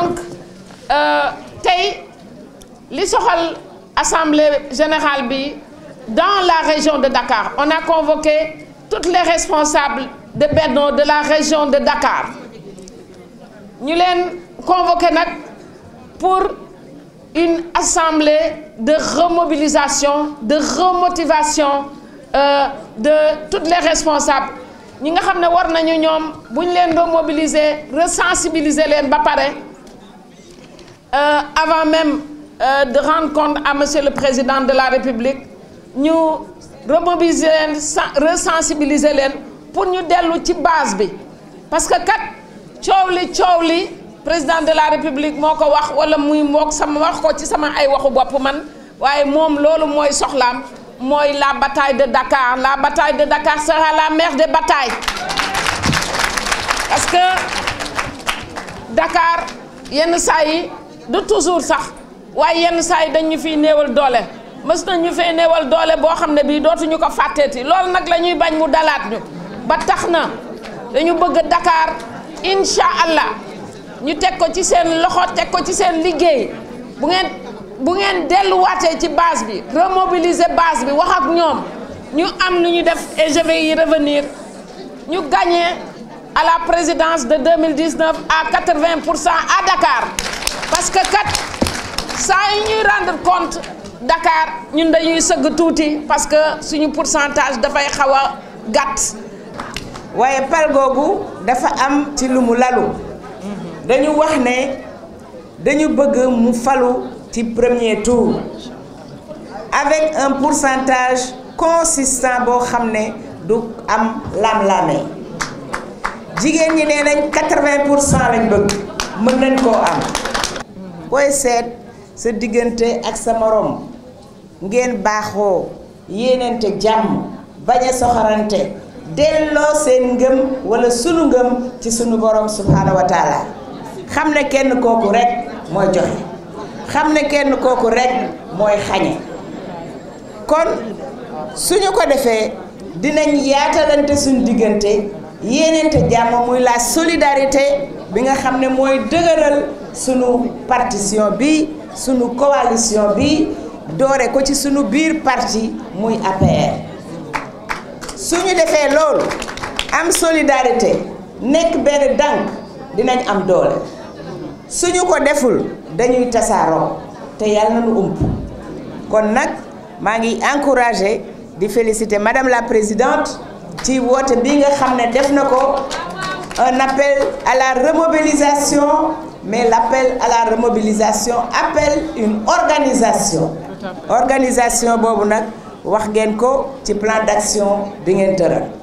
donc euh, tey li soxal assemblée générale bi dans la région de Dakar on a convoqué toutes les responsables de Benno de la région de Dakar ñu leen convoqué nag pour une assemblée de remobilisation de remotivation euh, de toutes les responsables ñi nga xam ne war nañu ñoom bu ñu leen remobiliser resensibiliser leen ba pare Euh, avant même euh, de rendre compte à monsieur le président de la république ñu remobiliser leen resensibiliser leen pour ñu dellu ci base bi parce que kat coow li coow li président de la république moo ko wax wala muy mook sama wax ko ci sama ay waxu bopp man waaye moom loolu mooy soxlaam mooy la bataille de Dakar la bataille de Dakar sera la mère des batailles parce que Dakar yenn saa yi du toujours sax waaye yenn saa yi dañu fiy néewal doole mës na ñu fay néewal doole boo xam ne bii dootuñu ko fàtteeti loolu nag la bañ mu dalaat ñu ba tax na dañu bëgg Dakar incha allah ñu teg ko ci seen loxo teg ko ci seen liggéey bu ngeen bu ngeen delluwaatee ci base bi remobiliser base bi wax ak ñoom ñu am lu ñu def et yi revenir ñu gagné à la présidence de 2019 à 80 pour cent à dakaar parce que kat saa yu ñuy rendre compte Dakar ñun dañuy sëgg tuuti parce que suñu pourcentage dafay xaw a gàtt. waaye pal googu dafa am ci lu mu lalu. dañu wax ne dañu bëgg mu falu ci premier tour. avec un pourcentage consistant boo xam ne du am lam-lame jigéen ñi nee nañ quatre-vingt pour cent lañ bëgg mën nañ koo am. booy seet sa diggante ak sa moroom ngeen baaxoo yéenante jàmm bañ a soxorante delloo seen ngëm walla sunu ngëm ci sunu borom subhaanahu wa xam ne kenn kooku rek mooy joxe xam ne kenn kooku rekk mooy xañe kon suñu ko defee dinañ yaatalante suñu diggante yéeneente jàmm muy la solidarité bi nga xam ne mooy dëgëral sunu partition bi sunu coalition bi doore ko ci sunu biir parti muy APR ñu defee loolu am solidarité nekk benn dànk dinañ am doole suñu ko deful dañuy tasaaroo te yàlla na nu ump kon nag maa ngi encouragé di féliciter madame la présidente ci woote bi nga xam ne def na ko un appel à la remobilisation mais l'appel à la remobilisation appelle une organisation organisation boobu nag wax ngeen ko ci plan d'action bi ngeen tëral